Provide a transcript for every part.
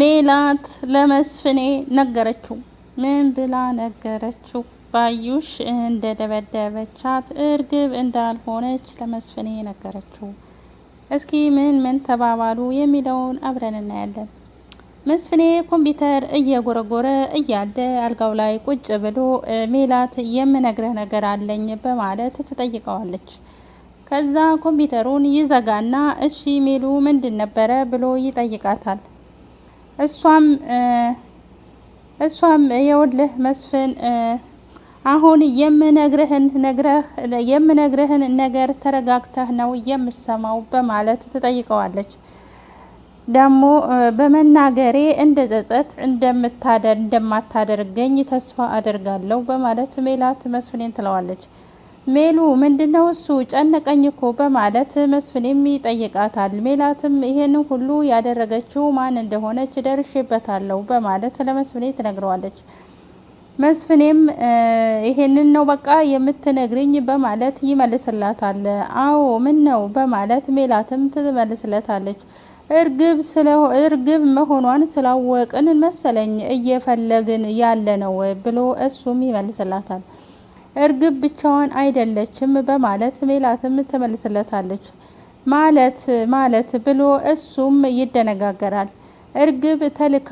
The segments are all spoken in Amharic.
ሜላት ለመስፍኔ ነገረችው። ምን ብላ ነገረችው? ባዩሽ እንደደበደበቻት እርግብ እንዳልሆነች ለመስፍኔ ነገረችው። እስኪ ምን ምን ተባባሉ የሚለውን አብረን እናያለን። መስፍኔ ኮምፒውተር እየጎረጎረ እያለ አልጋው ላይ ቁጭ ብሎ ሜላት የምነግረ ነገር አለኝ በማለት ትጠይቀዋለች። ከዛ ኮምፒውተሩን ይዘጋና እሺ ሜሉ ምንድን ነበረ ብሎ ይጠይቃታል። እሷም እሷም የወልህ መስፍን አሁን የምነግርህን ነግረህ የምነግርህን ነገር ተረጋግተህ ነው የምሰማው በማለት ትጠይቀዋለች። ደግሞ በመናገሬ እንደ ጸጸት እንደማታደርገኝ ተስፋ አደርጋለሁ በማለት ሜላት መስፍኔን ትለዋለች። ሜሉ ምንድነው እሱ ጨነቀኝ እኮ በማለት መስፍንም ይጠይቃታል። ሜላትም ይሄን ሁሉ ያደረገችው ማን እንደሆነች ደርሽበታለሁ በማለት ለመስፍኔ ትነግረዋለች። መስፍኔም ይሄንን ነው በቃ የምትነግርኝ በማለት ይመልስላታል። አዎ ምን ነው በማለት ሜላትም ትመልስለታለች። እርግብ እርግብ መሆኗን ስላወቅን መሰለኝ እየፈለግን ያለ ነው ብሎ እሱም ይመልስላታል። እርግብ ብቻዋን አይደለችም በማለት ሜላትም ትመልስለታለች። ማለት ማለት ብሎ እሱም ይደነጋገራል። እርግብ ተልካ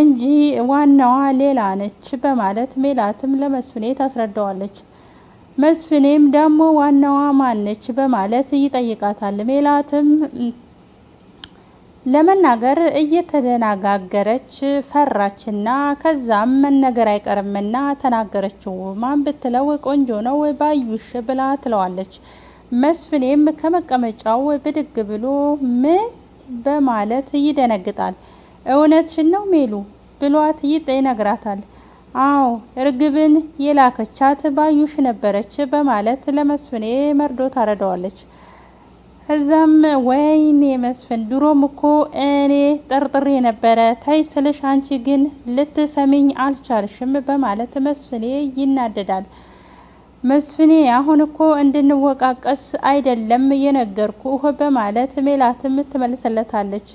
እንጂ ዋናዋ ሌላ ነች በማለት ሜላትም ለመስፍኔ ታስረዳዋለች። መስፍኔም ደግሞ ዋናዋ ማነች በማለት ይጠይቃታል። ሜላትም ለመናገር እየተደናጋገረች ፈራችና ከዛም መነገር አይቀርምና ተናገረችው። ማን ብትለው ቆንጆ ነው ባዩሽ ብላ ትለዋለች። መስፍኔም ከመቀመጫው ብድግ ብሎ ምን በማለት ይደነግጣል። እውነትሽን ነው ሜሉ ብሏት ይጥ ይነግራታል። አዎ እርግብን የላከቻት ባዩሽ ነበረች በማለት ለመስፍኔ መርዶ ታረደዋለች። እዛም ወይኔ መስፍን ድሮም እኮ እኔ ጠርጥሬ ነበረ ተይ ስልሽ አንቺ ግን ልትሰሚኝ አልቻልሽም በማለት መስፍኔ ይናደዳል። መስፍኔ አሁን እኮ እንድንወቃቀስ አይደለም የነገርኩህ በማለት ሜላትም ትመልሰለታለች።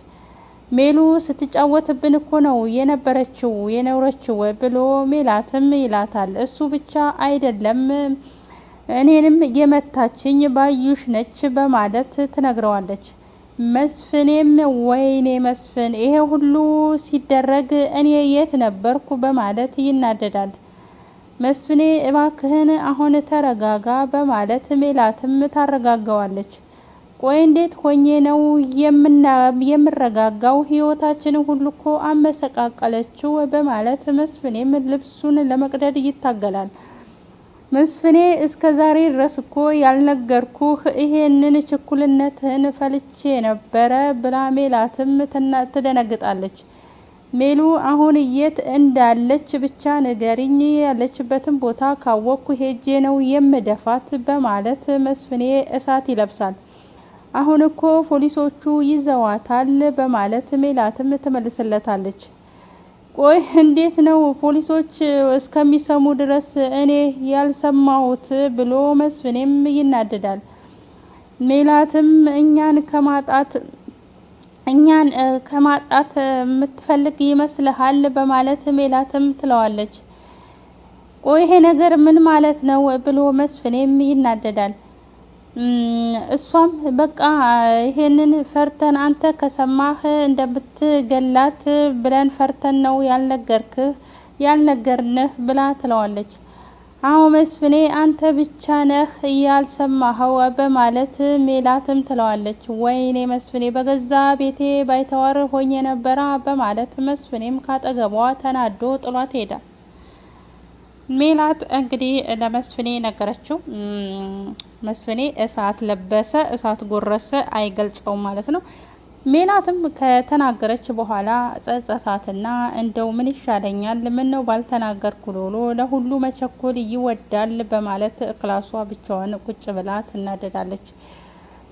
ሜሉ ስትጫወትብን እኮ ነው የነበረችው የኖረችው ብሎ ሜላትም ይላታል። እሱ ብቻ አይደለም እኔንም የመታችኝ ባዩሽ ነች በማለት ትነግረዋለች። መስፍኔም ወይኔ መስፍን ይሄ ሁሉ ሲደረግ እኔ የት ነበርኩ በማለት ይናደዳል። መስፍኔ እባክህን አሁን ተረጋጋ በማለት ሜላትም ታረጋጋዋለች። ቆይ እንዴት ሆኜ ነው የምረጋጋው? ህይወታችን ሁሉ እኮ አመሰቃቀለችው በማለት መስፍኔም ልብሱን ለመቅደድ ይታገላል። መስፍኔ እስከ ዛሬ ድረስ እኮ ያልነገርኩህ ይሄንን ችኩልነትህን ፈልቼ ነበረ ብላ ሜላትም ትደነግጣለች። ሜሉ አሁን የት እንዳለች ብቻ ንገሪኝ፣ ያለችበትን ቦታ ካወቅኩ ሄጄ ነው የምደፋት በማለት መስፍኔ እሳት ይለብሳል። አሁን እኮ ፖሊሶቹ ይዘዋታል በማለት ሜላትም ትመልስለታለች። ቆይ እንዴት ነው ፖሊሶች እስከሚሰሙ ድረስ እኔ ያልሰማሁት ብሎ መስፍኔም ይናደዳል። ሜላትም እኛን ከማጣት እኛን ከማጣት የምትፈልግ ይመስልሃል በማለት ሜላትም ትለዋለች። ቆይ ይሄ ነገር ምን ማለት ነው ብሎ መስፍኔም ይናደዳል። እሷም በቃ ይሄንን ፈርተን አንተ ከሰማህ እንደምትገላት ብለን ፈርተን ነው ያልነገርክህ ያልነገርንህ ብላ ትለዋለች። አዎ መስፍኔ አንተ ብቻ ነህ እያልሰማኸው በማለት ሜላትም ትለዋለች። ወይኔ መስፍኔ በገዛ ቤቴ ባይተዋር ሆኜ ነበራ በማለት መስፍኔም ካጠገቧ ተናዶ ጥሏት ሄዳል። ሜላት እንግዲህ ለመስፍኔ ነገረችው። መስፍኔ እሳት ለበሰ፣ እሳት ጎረሰ፣ አይገልጸውም ማለት ነው። ሜላትም ከተናገረች በኋላ ጸጸታትና እንደው ምን ይሻለኛል፣ ምን ነው ባልተናገርኩ ብሎ ለሁሉ መቸኮል ይወዳል በማለት ክላሷ ብቻዋን ቁጭ ብላ ትናደዳለች።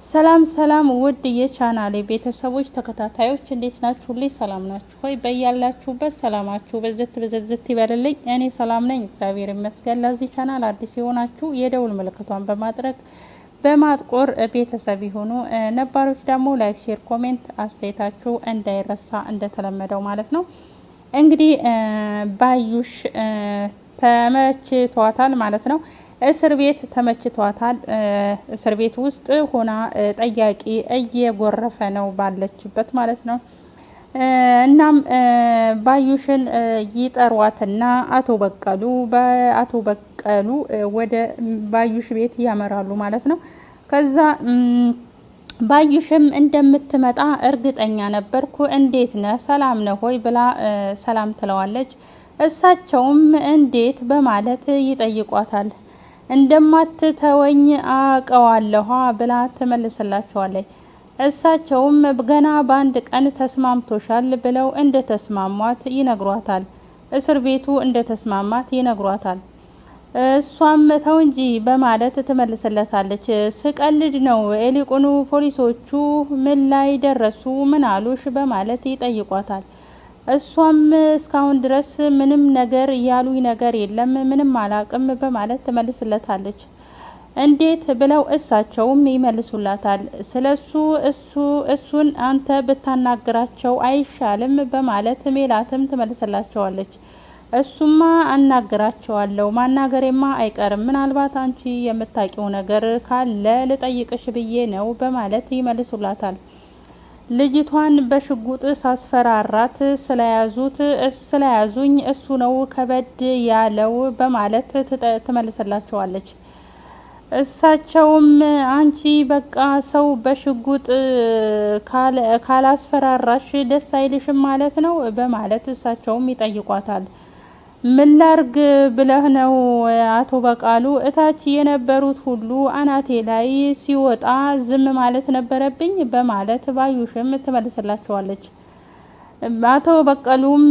ሰላም ሰላም ውድ የቻናሌ ቤተሰቦች ተከታታዮች እንዴት ናችሁ? ሁሌ ሰላም ናችሁ ሆይ? በያላችሁበት ሰላማችሁ በዘት በዘዝት ይበልልኝ። እኔ ሰላም ነኝ፣ እግዚአብሔር ይመስገን። ለዚህ ቻናል አዲስ የሆናችሁ የደውል ምልክቷን በማጥረቅ በማጥቆር ቤተሰብ የሆኑ ነባሮች ደግሞ ላይክ፣ ሼር፣ ኮሜንት አስተያየታችሁ እንዳይረሳ እንደተለመደው ማለት ነው። እንግዲህ ባዩሽ ተመችቷታል ማለት ነው። እስር ቤት ተመችቷታል። እስር ቤት ውስጥ ሆና ጠያቂ እየጎረፈ ነው ባለችበት ማለት ነው። እናም ባዩሽን ይጠሯትና አቶ በቀሉ በአቶ በቀሉ ወደ ባዩሽ ቤት ያመራሉ ማለት ነው። ከዛ ባዩሽም እንደምትመጣ እርግጠኛ ነበርኩ። እንዴት ነህ ሰላም ነህ ሆይ ብላ ሰላም ትለዋለች። እሳቸውም እንዴት በማለት ይጠይቋታል። እንደማትተወኝ አውቀዋለኋ ብላ ትመልስላቸዋለች። እሳቸውም ገና በአንድ ቀን ተስማምቶሻል ብለው እንደተስማሟት ይነግሯታል። እስር ቤቱ እንደተስማማት ይነግሯታል። እሷም ተው እንጂ በማለት ትመልስለታለች። ስቀልድ ነው ኤሊቆኑ ፖሊሶቹ ምን ላይ ደረሱ? ምን አሉሽ? በማለት ይጠይቋታል። እሷም እስካሁን ድረስ ምንም ነገር እያሉኝ ነገር የለም ምንም አላቅም በማለት ትመልስለታለች። እንዴት ብለው እሳቸውም ይመልሱላታል። ስለሱ እሱ እሱን አንተ ብታናግራቸው አይሻልም በማለት ሜላትም ትመልስላቸዋለች። እሱማ አናግራቸዋለሁ ማናገሬማ አይቀርም ምናልባት አንቺ የምታውቂው ነገር ካለ ልጠይቅሽ ብዬ ነው በማለት ይመልሱላታል። ልጅቷን በሽጉጥ ሳስፈራራት ስለያዙት ስለያዙኝ እሱ ነው ከበድ ያለው በማለት ትመልስላቸዋለች። እሳቸውም አንቺ በቃ ሰው በሽጉጥ ካላስፈራራሽ ደስ አይልሽም ማለት ነው በማለት እሳቸውም ይጠይቋታል። ምን ላርግ ብለህ ነው አቶ በቃሉ? እታች የነበሩት ሁሉ አናቴ ላይ ሲወጣ ዝም ማለት ነበረብኝ በማለት ባዩሽም ትመልስላቸዋለች። አቶ በቀሉም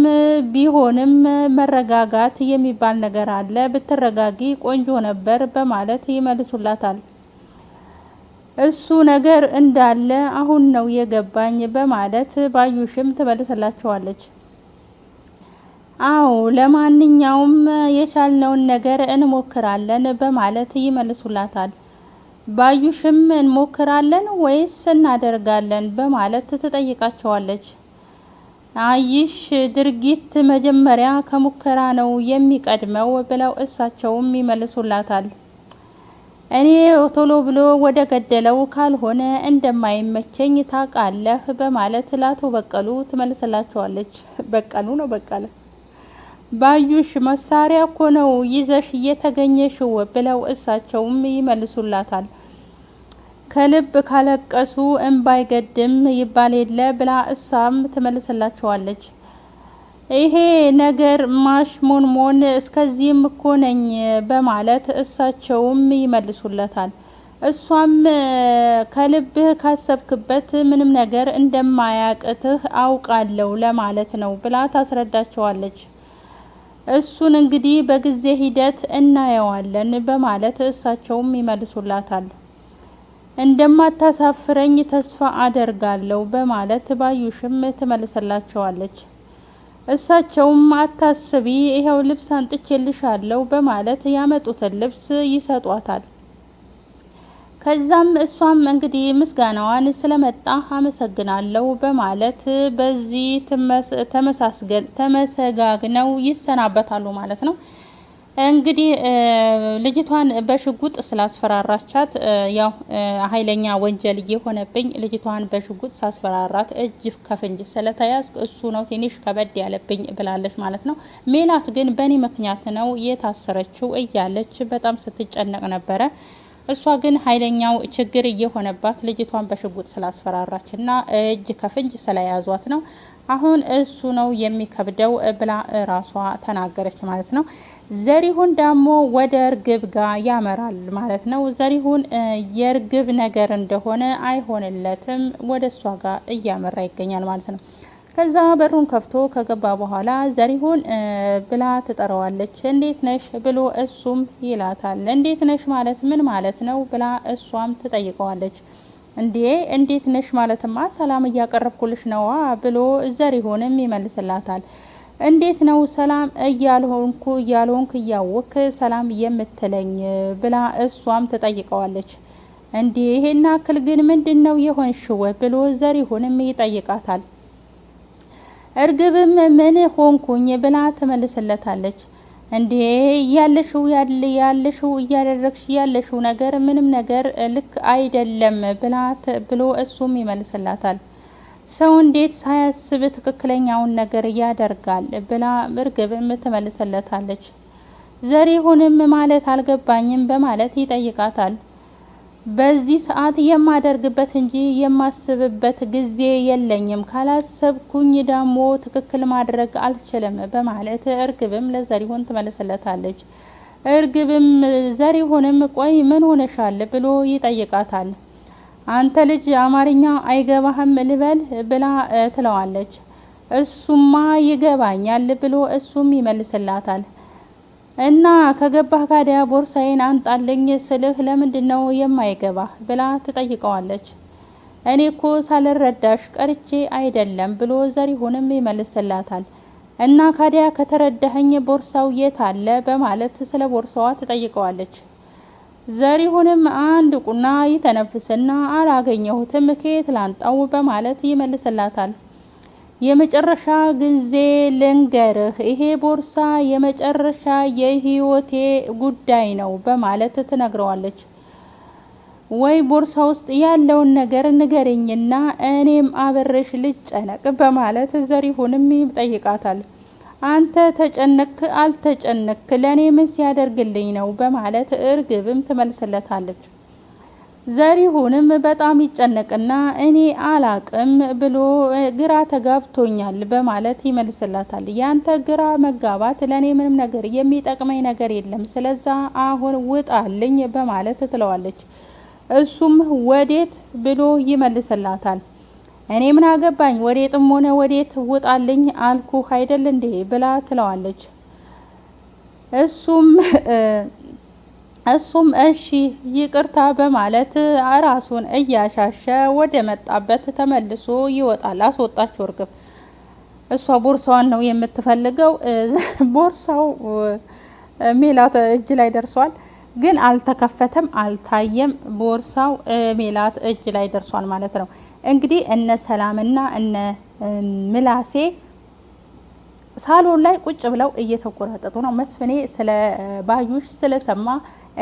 ቢሆንም መረጋጋት የሚባል ነገር አለ፣ ብትረጋጊ ቆንጆ ነበር በማለት ይመልሱላታል። እሱ ነገር እንዳለ አሁን ነው የገባኝ በማለት ባዩሽም ትመልስላቸዋለች። አዎ ለማንኛውም የቻልነውን ነገር እንሞክራለን በማለት ይመልሱላታል። ባዩሽም እንሞክራለን ወይስ እናደርጋለን በማለት ትጠይቃቸዋለች። አይሽ ድርጊት መጀመሪያ ከሙከራ ነው የሚቀድመው ብለው እሳቸውም ይመልሱላታል። እኔ ቶሎ ብሎ ወደ ገደለው ካልሆነ እንደማይመቸኝ ታውቃለህ በማለት ላቶ በቀሉ ትመልስላቸዋለች። በቀሉ ነው በቀለ ባዩሽ መሳሪያ እኮ ነው ይዘሽ እየተገኘሽው ብለው እሳቸውም ይመልሱላታል። ከልብ ካለቀሱ እንባይገድም ይባል የለ ብላ እሳም ትመልስላቸዋለች። ይሄ ነገር ማሽ ሞን እስከዚህም እኮ ነኝ በማለት እሳቸውም ይመልሱለታል። እሷም ከልብህ ካሰብክበት ምንም ነገር እንደማያቅትህ አውቃለሁ ለማለት ነው ብላ ታስረዳቸዋለች። እሱን እንግዲህ በጊዜ ሂደት እናየዋለን በማለት እሳቸውም ይመልሱላታል። እንደማታሳፍረኝ ተስፋ አደርጋለሁ በማለት ባዩሽም ትመልስላቸዋለች። እሳቸውም አታስቢ፣ ይኸው ልብስ አንጥቼልሻለሁ በማለት ያመጡትን ልብስ ይሰጧታል። ከዛም እሷም እንግዲህ ምስጋናዋን ስለመጣ አመሰግናለሁ በማለት በዚህ ተመሰጋግነው ይሰናበታሉ ማለት ነው። እንግዲህ ልጅቷን በሽጉጥ ስላስፈራራቻት ያው ኃይለኛ ወንጀል እየሆነብኝ ልጅቷን በሽጉጥ ሳስፈራራት እጅ ከፍንጅ ስለተያዝኩ እሱ ነው ትንሽ ከበድ ያለብኝ ብላለች ማለት ነው። ሜላት ግን በእኔ ምክንያት ነው የታሰረችው እያለች በጣም ስትጨነቅ ነበረ። እሷ ግን ኃይለኛው ችግር እየሆነባት ልጅቷን በሽጉጥ ስላስፈራራች እና እጅ ከፍንጅ ስለያዟት ነው። አሁን እሱ ነው የሚከብደው ብላ ራሷ ተናገረች ማለት ነው። ዘሪሁን ደግሞ ወደ እርግብ ጋር ያመራል ማለት ነው። ዘሪሁን የእርግብ ነገር እንደሆነ አይሆንለትም፣ ወደ እሷ ጋር እያመራ ይገኛል ማለት ነው። ከዛ በሩን ከፍቶ ከገባ በኋላ ዘሪሁን ብላ ትጠራዋለች። እንዴት ነሽ ብሎ እሱም ይላታል። እንዴት ነሽ ማለት ምን ማለት ነው ብላ እሷም ትጠይቀዋለች። እንዴ እንዴት ነሽ ማለትማ ሰላም እያቀረብኩልሽ ነዋ ብሎ ዘሪሁንም ይመልስላታል። እንዴት ነው ሰላም እያልሆንኩ እያልሆንክ እያወክ ሰላም የምትለኝ ብላ እሷም ትጠይቀዋለች። እንዴ ይሄን አክል ግን ምንድን ነው የሆንሽው ብሎ ዘሪሁንም ይጠይቃታል። እርግብም ምን ሆንኩኝ ብላ ትመልስለታለች። እንዴ እያለሽው ያለሽው እያደረግሽ ያለሽው ነገር ምንም ነገር ልክ አይደለም ብላ ብሎ እሱም ይመልስላታል። ሰው እንዴት ሳያስብ ትክክለኛውን ነገር ያደርጋል ብላ እርግብም ትመልስለታለች። ዘሪሁንም ማለት አልገባኝም በማለት ይጠይቃታል። በዚህ ሰዓት የማደርግበት እንጂ የማስብበት ጊዜ የለኝም። ካላሰብኩኝ ደግሞ ትክክል ማድረግ አልችልም በማለት እርግብም ለዘሪሁን ትመልስለታለች። እርግብም ዘሪሁንም ቆይ ምን ሆነሻል ብሎ ይጠይቃታል። አንተ ልጅ አማርኛ አይገባህም ልበል ብላ ትለዋለች። እሱማ ይገባኛል ብሎ እሱም ይመልስላታል። እና ከገባህ ካዲያ ቦርሳዬን አንጣለኝ ስልህ ለምንድን ነው የማይገባህ ብላ ትጠይቀዋለች። እኔ እኮ ሳልረዳሽ ቀርቼ አይደለም ብሎ ዘሪሁንም ይመልስላታል። እና ካዲያ ከተረዳኸኝ ቦርሳው የት አለ በማለት ስለ ቦርሳዋ ትጠይቀዋለች። ዘሪሁንም አንድ ቁና ይተነፍስና አላገኘሁትም ከየት ላንጣው በማለት ይመልስላታል። የመጨረሻ ጊዜ ልንገርህ፣ ይሄ ቦርሳ የመጨረሻ የህይወቴ ጉዳይ ነው በማለት ትነግረዋለች። ወይ ቦርሳ ውስጥ ያለውን ነገር ንገርኝና እኔም አብሬሽ ልጨነቅ በማለት ዘሪሁንም ይጠይቃታል። አንተ ተጨነክ አልተጨነክ ለእኔ ምን ሲያደርግልኝ ነው በማለት እርግብም ትመልስለታለች። ዘሪሁንም በጣም ይጨነቅና እኔ አላቅም ብሎ ግራ ተጋብቶኛል በማለት ይመልስላታል። ያንተ ግራ መጋባት ለእኔ ምንም ነገር የሚጠቅመኝ ነገር የለም፣ ስለዛ አሁን ውጣልኝ በማለት ትለዋለች። እሱም ወዴት ብሎ ይመልስላታል። እኔ ምን አገባኝ ወዴትም ሆነ ወዴት ውጣልኝ አልኩህ አይደል እንዴ ብላ ትለዋለች። እሱም እሱም እሺ ይቅርታ በማለት ራሱን እያሻሸ ወደ መጣበት ተመልሶ ይወጣል። አስወጣችው እርግብ። እሷ ቦርሳዋን ነው የምትፈልገው። ቦርሳው ሜላት እጅ ላይ ደርሷል፣ ግን አልተከፈተም፣ አልታየም። ቦርሳው ሜላት እጅ ላይ ደርሷል ማለት ነው። እንግዲህ እነ ሰላምና እነ ምላሴ ሳሎን ላይ ቁጭ ብለው እየተቆራጠጡ ነው። መስፍኔ ስለ ባዩሽ ስለሰማ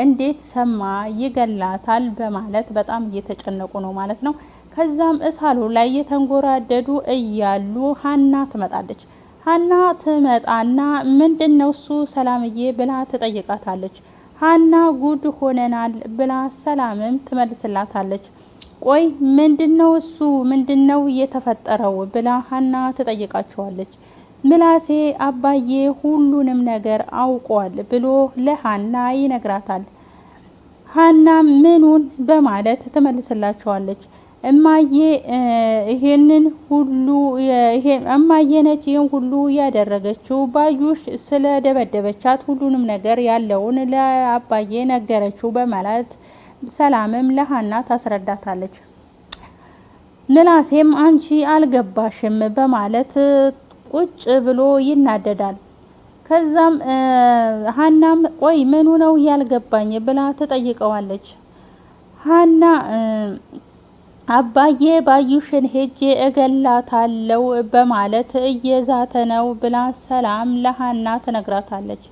እንዴት ሰማ ይገላታል በማለት በጣም እየተጨነቁ ነው ማለት ነው። ከዛም ሳሎን ላይ እየተንጎራደዱ እያሉ ሀና ትመጣለች። ሀና ትመጣና ምንድን ነው እሱ ሰላምዬ ብላ ትጠይቃታለች። ሀና ጉድ ሆነናል ብላ ሰላምም ትመልስላታለች። ቆይ ምንድን ነው እሱ ምንድን ነው እየተፈጠረው ብላ ሀና ትጠይቃቸዋለች። ምላሴ አባዬ ሁሉንም ነገር አውቋል ብሎ ለሀና ይነግራታል። ሃና ምኑን በማለት ትመልስላቸዋለች። እማዬ ይሄንን ሁሉ እማዬ ነች ይህን ሁሉ ያደረገችው ባዩሽ ስለ ደበደበቻት ሁሉንም ነገር ያለውን ለአባዬ ነገረችው በማለት ሰላምም ለሀና ታስረዳታለች። ምላሴም አንቺ አልገባሽም በማለት ቁጭ ብሎ ይናደዳል። ከዛም ሀናም ቆይ ምኑ ነው ያልገባኝ ብላ ትጠይቀዋለች። ሀና አባዬ ባዩሽን ሄጄ እገላታለው በማለት እየዛተ ነው ብላ ሰላም ለሀና ትነግራታለች።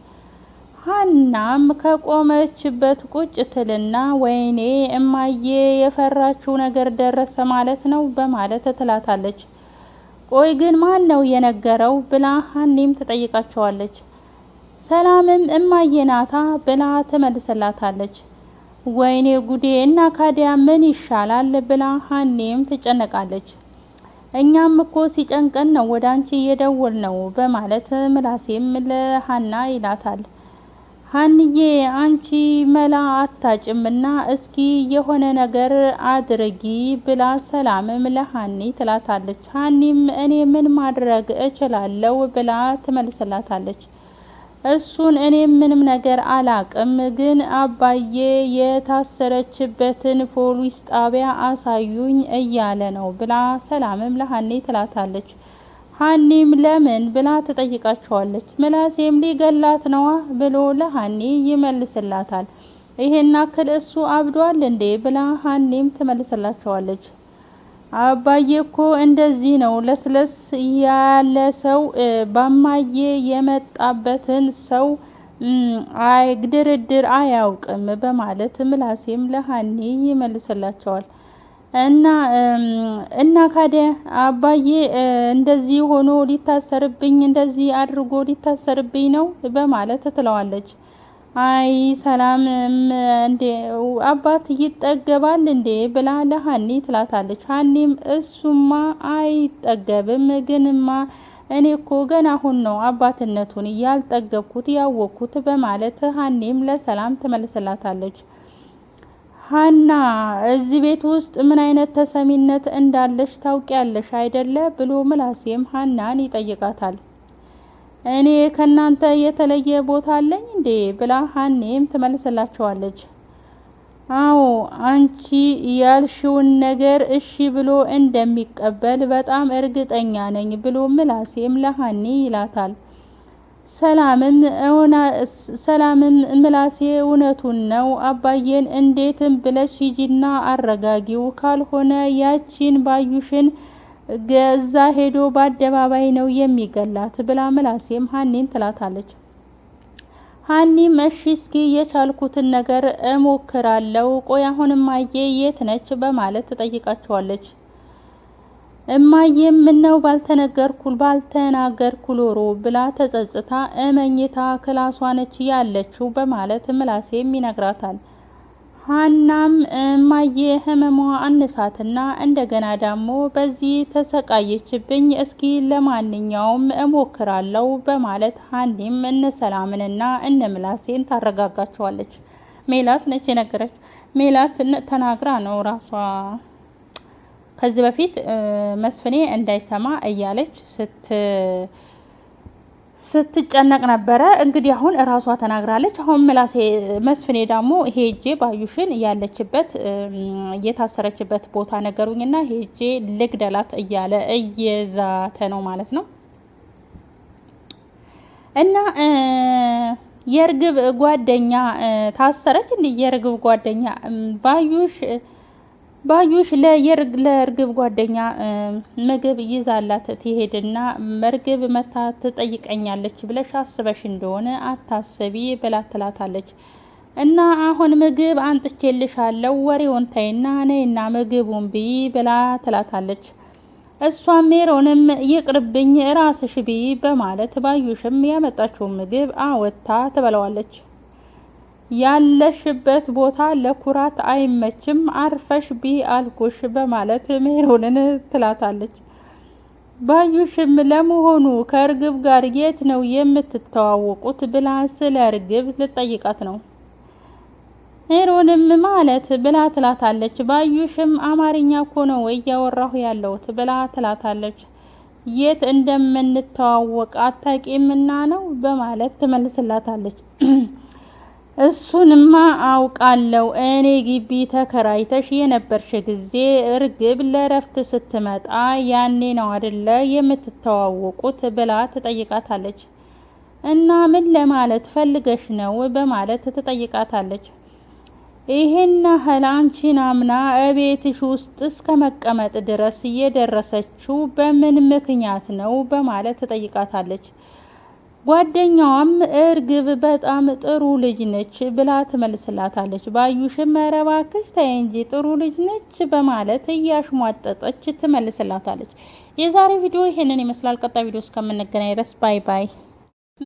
ሀናም ከቆመችበት ቁጭ ትልና ወይኔ እማዬ የፈራችው ነገር ደረሰ ማለት ነው በማለት ትላታለች። ቆይ ግን ማን ነው የነገረው ብላ ሀኒም ትጠይቃቸዋለች። ሰላምም እማዬ ናታ ብላ ትመልስላታለች። ወይኔ ጉዴ እና ካዲያ ምን ይሻላል ብላ ሀኒም ትጨነቃለች። እኛም እኮ ሲጨንቀን ነው ወደ አንቺ እየደወል ነው በማለት ምላሴም ለሀና ይላታል። ሀንዬ አንቺ መላ አታጭም እስኪ የሆነ ነገር አድርጊ ብላ ሰላምም ለሀኒ ትላታለች። ሀኒም እኔ ምን ማድረግ እችላለሁ ብላ ትመልስላታለች። እሱን እኔ ምንም ነገር አላቅም፣ ግን አባዬ የታሰረችበትን ፖሊስ ጣቢያ አሳዩኝ እያለ ነው ብላ ሰላምም ለሀኒ ትላታለች። ሀኒም ለምን ብላ ትጠይቃቸዋለች። ምላሴም ሊገላት ነዋ ብሎ ለሀኒ ይመልስላታል። ይሄን አክል እሱ አብዷል እንዴ ብላ ሀኒም ትመልስላቸዋለች። አባዬ እኮ እንደዚህ ነው ለስለስ ያለ ሰው ባማዬ የመጣበትን ሰው አይ ድርድር አያውቅም በማለት ምላሴም ለሀኒ ይመልስላቸዋል። እና እና ካዲያ አባዬ እንደዚህ ሆኖ ሊታሰርብኝ እንደዚህ አድርጎ ሊታሰርብኝ ነው በማለት ትለዋለች። አይ ሰላም እንዴ አባት ይጠገባል እንዴ ብላ ለሀኒ ትላታለች። ሀኒም እሱማ አይጠገብም፣ ግንማ እኔ እኮ ገና አሁን ነው አባትነቱን ያልጠገብኩት ያወቅኩት በማለት ሀኒም ለሰላም ትመልስላታለች። ሀና እዚህ ቤት ውስጥ ምን አይነት ተሰሚነት እንዳለሽ ታውቂያለሽ አይደለ? ብሎ ምላሴም ሀናን ይጠይቃታል። እኔ ከእናንተ የተለየ ቦታ አለኝ እንዴ? ብላ ሀኔም ትመልስላቸዋለች። አዎ አንቺ ያልሽውን ነገር እሺ ብሎ እንደሚቀበል በጣም እርግጠኛ ነኝ ብሎ ምላሴም ለሀኔ ይላታል። ሰላምን ሰላምን ምላሴ እውነቱን ነው አባዬን እንዴትም ብለሽ ሂጂና አረጋጊው ካልሆነ ያቺን ባዩሽን ገዛ ሄዶ በአደባባይ ነው የሚገላት ብላ ምላሴም ሀኒን ትላታለች። ሀኒም እሺ እስኪ የቻልኩትን ነገር እሞክራለሁ ቆይ አሁንም አየ የት ነች በማለት ትጠይቃቸዋለች። እማዬም ምነው ባልተነገርኩ ባልተናገርኩ ሎሮ ብላ ተጸጽታ እመኝታ ክላሷ ነች ያለችው በማለት ምላሴም ይነግራታል። ሀናም እማዬ ህመሟ አነሳትና እንደገና ደግሞ በዚህ ተሰቃየችብኝ፣ እስኪ ለማንኛውም እሞክራለሁ በማለት ሀኒም እነሰላምንና እነ ምላሴን ታረጋጋቸዋለች። ሜላት ነች የነገረች ሜላት ተናግራ ነው ራሷ ከዚህ በፊት መስፍኔ እንዳይሰማ እያለች ስት ስትጨነቅ ነበረ። እንግዲህ አሁን እራሷ ተናግራለች። አሁን ምላሴ መስፍኔ ደግሞ ሄጄ ባዩሽን ያለችበት የታሰረችበት ቦታ ነገሩኝና ሄጄ ልግደላት እያለ እየዛተ ነው ማለት ነው። እና የእርግብ ጓደኛ ታሰረች እንዲህ የእርግብ ጓደኛ ባዩሽ ባዩሽ ለእርግብ ጓደኛ ምግብ ይዛላት ትሄድና መርግብ መታ ትጠይቀኛለች ብለሽ አስበሽ እንደሆነ አታስቢ ብላ ትላታለች። እና አሁን ምግብ አንጥቼልሻለሁ ወሬውን ታይና ነይና ምግቡን ብይ ብላ ትላታለች። እሷም ሜሮንም ይቅርብኝ ራስሽ ብይ በማለት ባዩሽም ያመጣችውን ምግብ አወታ ትበለዋለች። ያለሽበት ቦታ ለኩራት አይመችም አርፈሽ ቢ አልኩሽ በማለት ሜሮንን ትላታለች። ባዩሽም ለመሆኑ ከእርግብ ጋር የት ነው የምትተዋወቁት ብላ ስለ እርግብ ልጠይቃት ነው። ሜሮንም ማለት ብላ ትላታለች። ባዩሽም አማርኛ እኮ ነው እያወራሁ ያለሁት ብላ ትላታለች። የት እንደምንተዋወቅ አታቂምና ነው በማለት ትመልስላታለች። እሱንማ አውቃለሁ። እኔ ግቢ ተከራይተሽ የነበርሽ ጊዜ እርግብ ለእረፍት ስትመጣ ያኔ ነው አደለ የምትተዋወቁት ብላ ትጠይቃታለች። እና ምን ለማለት ፈልገሽ ነው በማለት ትጠይቃታለች። ይሄን ያህል አንቺን አምና እቤትሽ ውስጥ እስከ መቀመጥ ድረስ የደረሰችው በምን ምክንያት ነው በማለት ትጠይቃታለች። ጓደኛዋም እርግብ በጣም ጥሩ ልጅ ነች ብላ ትመልስላታለች። ባዩሽም ኧረ እባክሽ ተይ እንጂ ጥሩ ልጅ ነች በማለት እያሽሟጠጠች ትመልስላታለች። የዛሬ ቪዲዮ ይሄንን ይመስላል። ቀጣይ ቪዲዮ እስከምንገናኝ ድረስ ባይ ባይ።